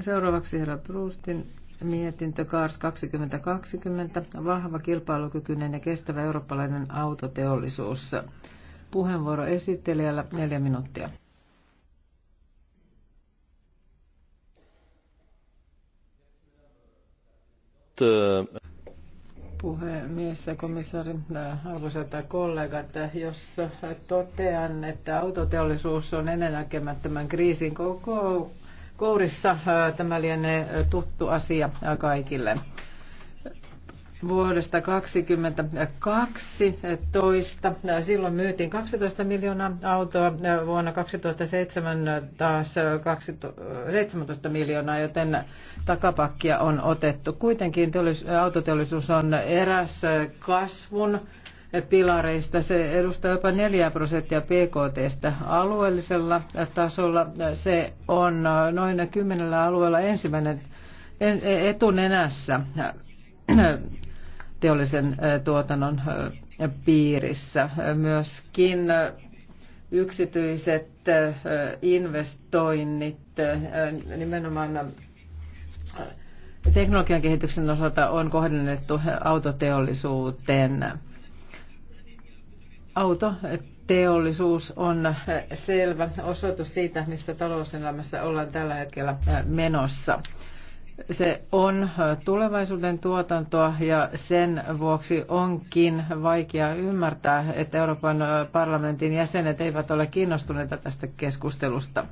Seuraavaksi herra Bruustin mietintö Kaars 2020, vahva, kilpailukykyinen ja kestävä eurooppalainen autoteollisuus. Puheenvuoro esittelijällä neljä minuuttia. Puhemies ja komissaari, arvoisat kollegat, jos totean, että autoteollisuus on ennennäkemättömän kriisin koko kourissa. Tämä lienee tuttu asia kaikille. Vuodesta 2012, silloin myytiin 12 miljoonaa autoa, vuonna 2007 taas 17 miljoonaa, joten takapakkia on otettu. Kuitenkin autoteollisuus on eräs kasvun pilareista. Se edustaa jopa 4 prosenttia PKT alueellisella tasolla. Se on noin kymmenellä alueella ensimmäinen etunenässä teollisen tuotannon piirissä. Myöskin yksityiset investoinnit nimenomaan teknologian kehityksen osalta on kohdennettu autoteollisuuteen. Auto teollisuus on selvä osoitus siitä, mistä talouselämässä ollaan tällä hetkellä menossa. Se on tulevaisuuden tuotantoa ja sen vuoksi onkin vaikea ymmärtää, että Euroopan parlamentin jäsenet eivät ole kiinnostuneita tästä keskustelusta.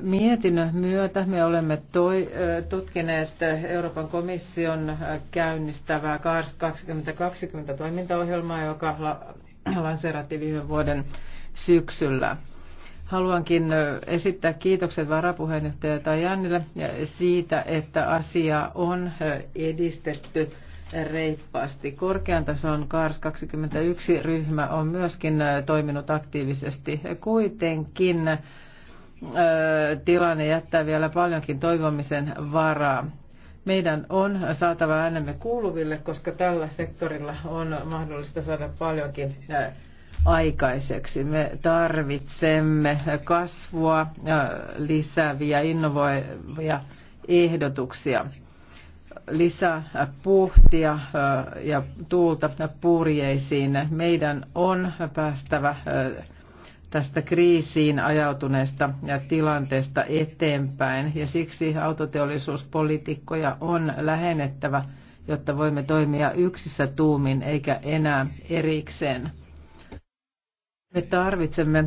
Mietinnön myötä me olemme toi, tutkineet Euroopan komission käynnistävää 2020 toimintaohjelmaa, joka lanseerattiin viime vuoden syksyllä. Haluankin esittää kiitokset varapuheenjohtaja Tajanille siitä, että asia on edistetty reippaasti. Korkean tason KARS 21 ryhmä on myöskin toiminut aktiivisesti. Kuitenkin tilanne jättää vielä paljonkin toivomisen varaa. Meidän on saatava äänemme kuuluville, koska tällä sektorilla on mahdollista saada paljonkin aikaiseksi. Me tarvitsemme kasvua lisääviä, innovoivia ehdotuksia lisää puhtia ja tuulta purjeisiin. Meidän on päästävä tästä kriisiin ajautuneesta ja tilanteesta eteenpäin. Ja siksi autoteollisuuspolitiikkoja on lähennettävä, jotta voimme toimia yksissä tuumin eikä enää erikseen. Me tarvitsemme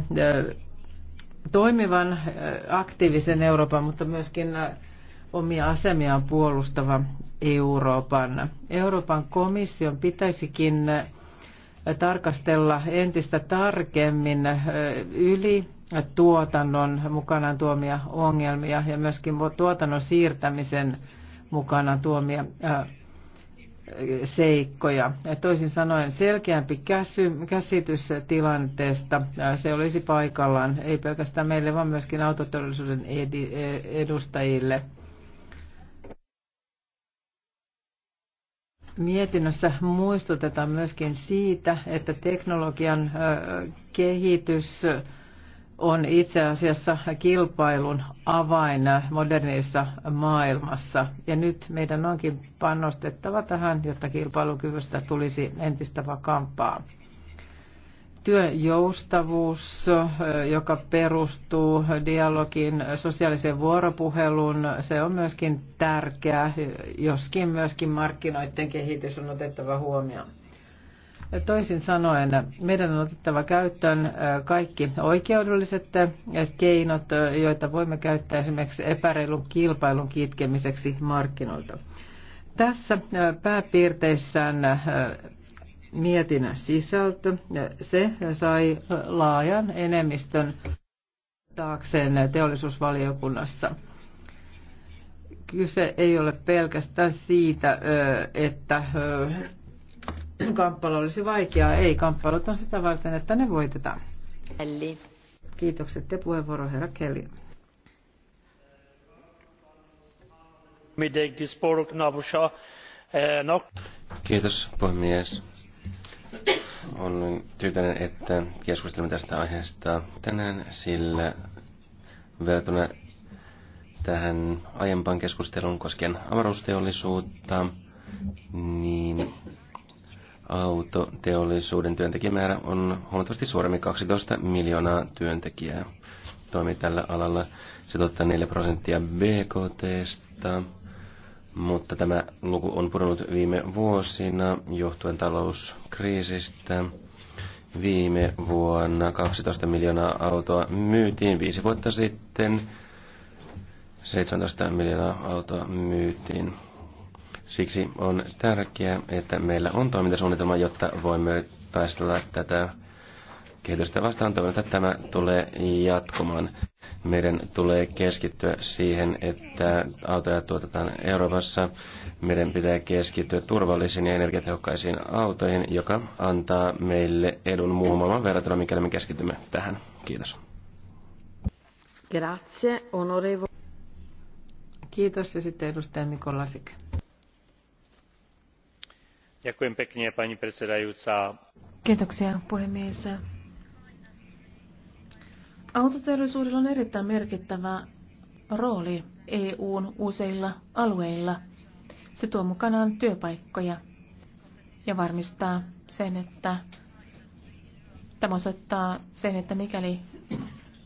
toimivan, aktiivisen Euroopan, mutta myöskin omia asemiaan puolustava Euroopan. Euroopan komission pitäisikin tarkastella entistä tarkemmin yli tuotannon mukanaan tuomia ongelmia ja myöskin tuotannon siirtämisen mukanaan tuomia seikkoja. Toisin sanoen selkeämpi käsy, käsitys tilanteesta, se olisi paikallaan, ei pelkästään meille, vaan myöskin autoteollisuuden e- edustajille – Mietinnössä muistutetaan myöskin siitä, että teknologian kehitys on itse asiassa kilpailun avain modernissa maailmassa. Ja nyt meidän onkin panostettava tähän, jotta kilpailukyvystä tulisi entistä vakaampaa työjoustavuus, eh, joka perustuu dialogin sosiaaliseen vuoropuheluun, se on myöskin tärkeää, joskin myöskin markkinoiden kehitys on otettava huomioon. Toisin sanoen, meidän on otettava käyttöön eh, kaikki oikeudelliset eh, keinot, joita voimme käyttää esimerkiksi epäreilun kilpailun kitkemiseksi markkinoilta. Tässä pääpiirteissään mietinnön sisältö, se sai laajan enemmistön taakseen teollisuusvaliokunnassa. Kyse ei ole pelkästään siitä, että kamppailu olisi vaikeaa. Ei, kamppailut on sitä varten, että ne voitetaan. Eli. Kiitokset ja puheenvuoro herra Kelly. Kiitos puhemies on tyytyväinen, että keskustelemme tästä aiheesta tänään, sillä verrattuna tähän aiempaan keskusteluun koskien avaruusteollisuutta, niin autoteollisuuden työntekijämäärä on huomattavasti suuremmin 12 miljoonaa työntekijää toimii tällä alalla. Se tuottaa 4 prosenttia BKTstä mutta tämä luku on pudonnut viime vuosina johtuen talouskriisistä. Viime vuonna 12 miljoonaa autoa myytiin, viisi vuotta sitten 17 miljoonaa autoa myytiin. Siksi on tärkeää, että meillä on toimintasuunnitelma, jotta voimme taistella tätä kehitystä vastaan. Toivon, että tämä tulee jatkumaan. Meidän tulee keskittyä siihen, että autoja tuotetaan Euroopassa. Meidän pitää keskittyä turvallisiin ja energiatehokkaisiin autoihin, joka antaa meille edun muun maailman verrattuna, mikäli me keskitymme tähän. Kiitos. Grazie, onorevo. Kiitos ja sitten edustaja Mikolasik. Kiitoksia puhemies. Autoteollisuudella on erittäin merkittävä rooli EUn useilla alueilla. Se tuo mukanaan työpaikkoja ja varmistaa sen, että tämä osoittaa sen, että mikäli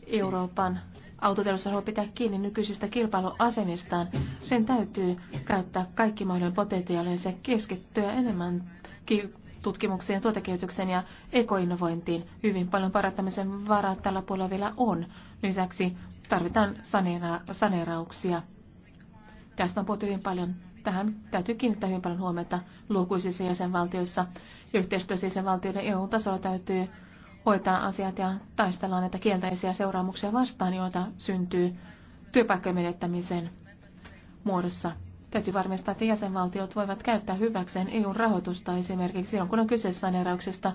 Euroopan autoteollisuus haluaa pitää kiinni nykyisistä kilpailuasemistaan, sen täytyy käyttää kaikki mahdollinen potentiaalinen ja keskittyä enemmän tutkimukseen, tuotekehitykseen ja ekoinnovointiin. Hyvin paljon parantamisen varaa tällä puolella vielä on. Lisäksi tarvitaan saneera- saneerauksia. Tästä on puhuttu hyvin paljon. Tähän täytyy kiinnittää hyvin paljon huomiota lukuisissa jäsenvaltioissa. Yhteistyössä jäsenvaltioiden EU-tasolla täytyy hoitaa asiat ja taistellaan näitä kielteisiä seuraamuksia vastaan, joita syntyy työpaikkojen menettämisen muodossa. Täytyy varmistaa, että jäsenvaltiot voivat käyttää hyväkseen EUn rahoitusta esimerkiksi silloin, kun on kyse saneerauksesta,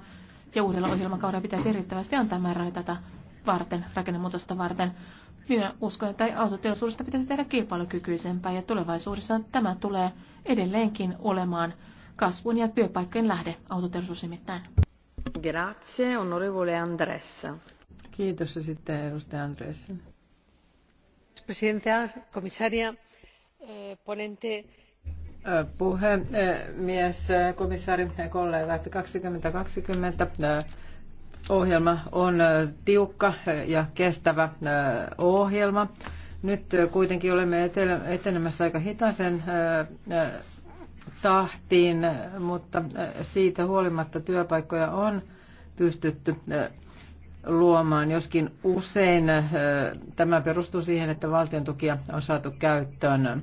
ja uudella ohjelmakaudella pitäisi riittävästi antaa määrää tätä varten, rakennemuutosta varten. Minä uskon, että autoteollisuudesta pitäisi tehdä kilpailukykyisempää ja tulevaisuudessa tämä tulee edelleenkin olemaan kasvun ja työpaikkojen lähde, autoteollisuus nimittäin. Grazie, onorevole Andressa. Kiitos ja sitten edustaja Andressa. Presidenta, komissaria. Eh, ponente. Eh, puhemies, eh, komissaari ja kollegat, 2020 ohjelma on tiukka ja kestävä ohjelma. Nyt kuitenkin olemme etenemässä aika hitaisen tahtiin, mutta siitä huolimatta työpaikkoja on pystytty luomaan, joskin usein äh, tämä perustuu siihen, että valtion tukia on saatu käyttöön.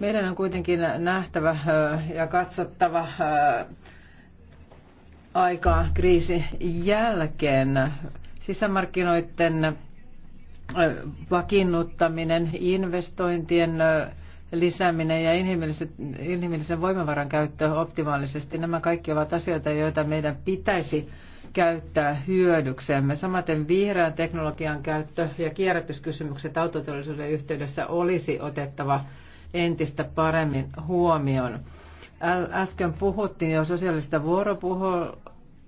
Meidän on kuitenkin nähtävä äh, ja katsottava äh, aikaa kriisin jälkeen. Sisämarkkinoiden vakiinnuttaminen, investointien lisääminen ja inhimillisen, voimavaran käyttö optimaalisesti, nämä kaikki ovat asioita, joita meidän pitäisi käyttää hyödyksemme. Samaten vihreän teknologian käyttö ja kierrätyskysymykset autoteollisuuden yhteydessä olisi otettava entistä paremmin huomioon. Äsken puhuttiin jo sosiaalista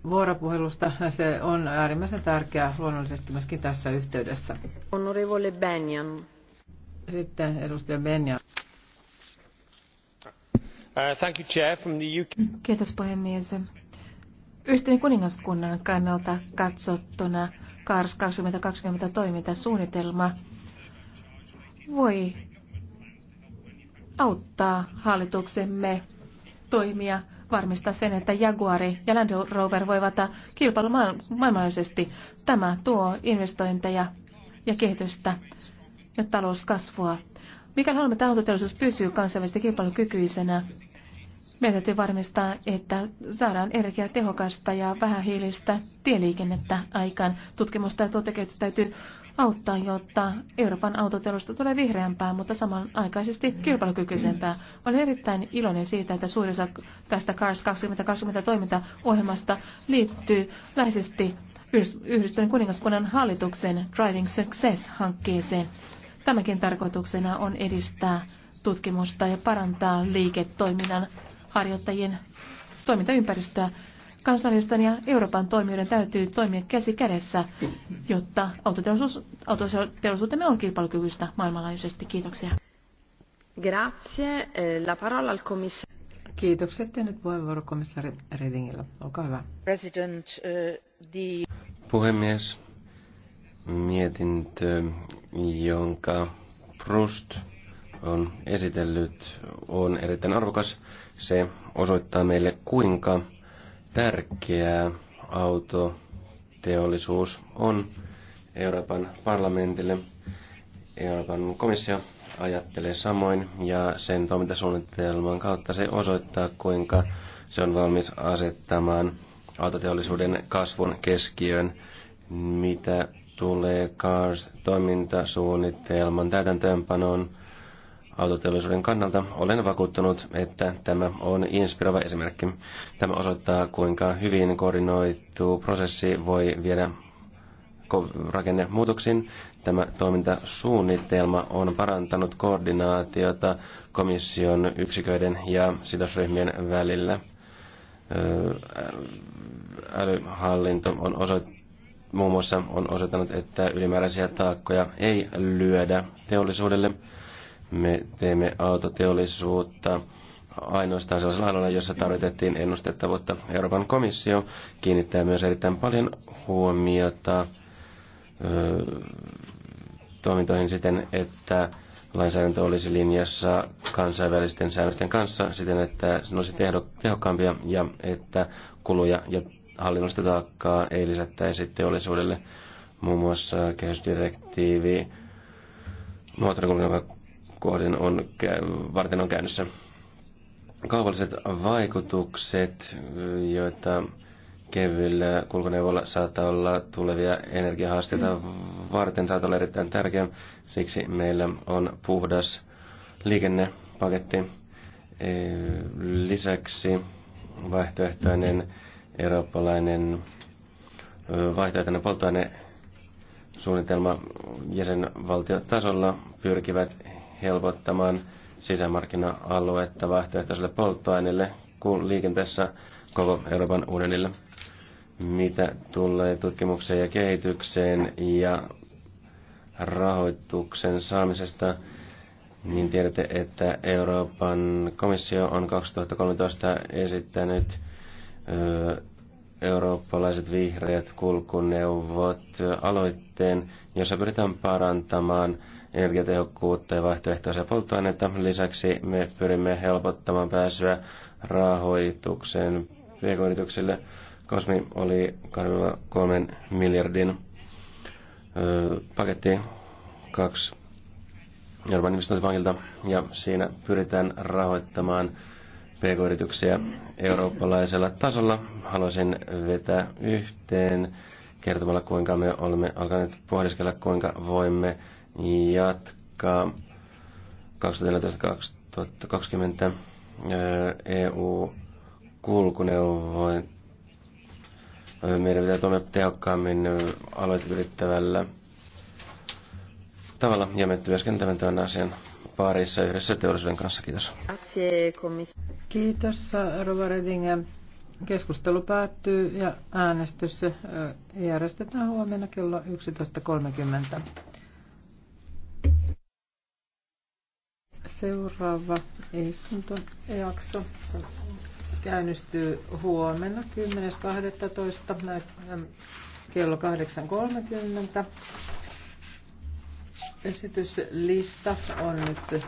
vuoropuhelusta. Se on äärimmäisen tärkeää luonnollisesti myöskin tässä yhteydessä. Honorevole Benjan. Sitten edustaja Benjan. Uh, Kiitos puhemies. Yhteen kuningaskunnan kannalta katsottuna KARS 2020 toimintasuunnitelma voi auttaa hallituksemme toimia varmistaa sen, että Jaguari ja Land Rover voivat kilpailla maailmanlaajuisesti. Tämä tuo investointeja ja kehitystä ja talouskasvua. Mikäli haluamme, että autoteollisuus pysyy kansainvälisesti kilpailukykyisenä, meidän täytyy varmistaa, että saadaan energiatehokasta ja vähähiilistä tieliikennettä aikaan. Tutkimusta ja tuotekehitystä täytyy auttaa, jotta Euroopan autotelusta tulee vihreämpää, mutta samanaikaisesti kilpailukykyisempää. Olen erittäin iloinen siitä, että suurin osa tästä Cars 2020 toimintaohjelmasta liittyy läheisesti Yhdistyneen kuningaskunnan hallituksen Driving Success-hankkeeseen. Tämäkin tarkoituksena on edistää tutkimusta ja parantaa liiketoiminnan harjoittajien toimintaympäristöä. Kansallisten ja Euroopan toimijoiden täytyy toimia käsi kädessä, jotta autoteollisuutemme on kilpailukykyistä maailmanlaajuisesti. Kiitoksia. Grazie. Eh, la parola al commissario. Kiitokset ja nyt puheenvuoro komissaari Redingillä. Olkaa hyvä. President, uh, the... Puhemies, mietintö, jonka Proust on esitellyt, on erittäin arvokas. Se osoittaa meille, kuinka tärkeää autoteollisuus on Euroopan parlamentille. Euroopan komissio ajattelee samoin ja sen toimintasuunnitelman kautta se osoittaa, kuinka se on valmis asettamaan autoteollisuuden kasvun keskiöön, mitä tulee CARS-toimintasuunnitelman täytäntöönpanoon autoteollisuuden kannalta olen vakuuttunut, että tämä on inspiroiva esimerkki. Tämä osoittaa, kuinka hyvin koordinoitu prosessi voi viedä rakennemuutoksiin. Tämä toimintasuunnitelma on parantanut koordinaatiota komission yksiköiden ja sidosryhmien välillä. Älyhallinto on osoittanut muun muassa on osoittanut, että ylimääräisiä taakkoja ei lyödä teollisuudelle me teemme autoteollisuutta ainoastaan sellaisella alalla, jossa tarvitettiin ennustettavuutta. Euroopan komissio kiinnittää myös erittäin paljon huomiota ö, toimintoihin siten, että lainsäädäntö olisi linjassa kansainvälisten säännösten kanssa siten, että ne olisi tehokkaampia ja että kuluja ja hallinnollista taakkaa ei lisättäisi teollisuudelle. Muun muassa kehysdirektiivi, moottorikulun, joka kohden on, varten on käynnissä. Kaupalliset vaikutukset, joita kevyillä kulkuneuvolla saattaa olla tulevia energiahaasteita varten, saattaa olla erittäin tärkeä. Siksi meillä on puhdas liikennepaketti. E, lisäksi vaihtoehtoinen eurooppalainen vaihtoehtoinen polttoaine suunnitelma jäsenvaltiotasolla pyrkivät helpottamaan sisämarkkina-aluetta vaihtoehtoiselle polttoaineelle kuin liikenteessä koko Euroopan unionille. Mitä tulee tutkimukseen ja kehitykseen ja rahoituksen saamisesta, niin tiedätte, että Euroopan komissio on 2013 esittänyt eurooppalaiset vihreät kulkuneuvot aloitteen, jossa pyritään parantamaan energiatehokkuutta ja vaihtoehtoisia polttoaineita. Lisäksi me pyrimme helpottamaan pääsyä rahoitukseen pk-yrityksille. Kosmi oli 2,3 miljardin paketti kaksi Euroopan investointipankilta ja siinä pyritään rahoittamaan pk-yrityksiä eurooppalaisella tasolla. Haluaisin vetää yhteen kertomalla, kuinka me olemme alkaneet pohdiskella, kuinka voimme jatkaa 2014-2020 EU-kulkuneuvoin. Meidän pitää toimia tehokkaammin aloitettavalla tavalla ja me työskentelemme tämän asian parissa yhdessä teollisuuden kanssa. Kiitos. Kiitos, Rova Redinger. Keskustelu päättyy ja äänestys järjestetään huomenna kello 11.30. Seuraava istuntojakso käynnistyy huomenna 10.12. kello 8.30. Esityslista on nyt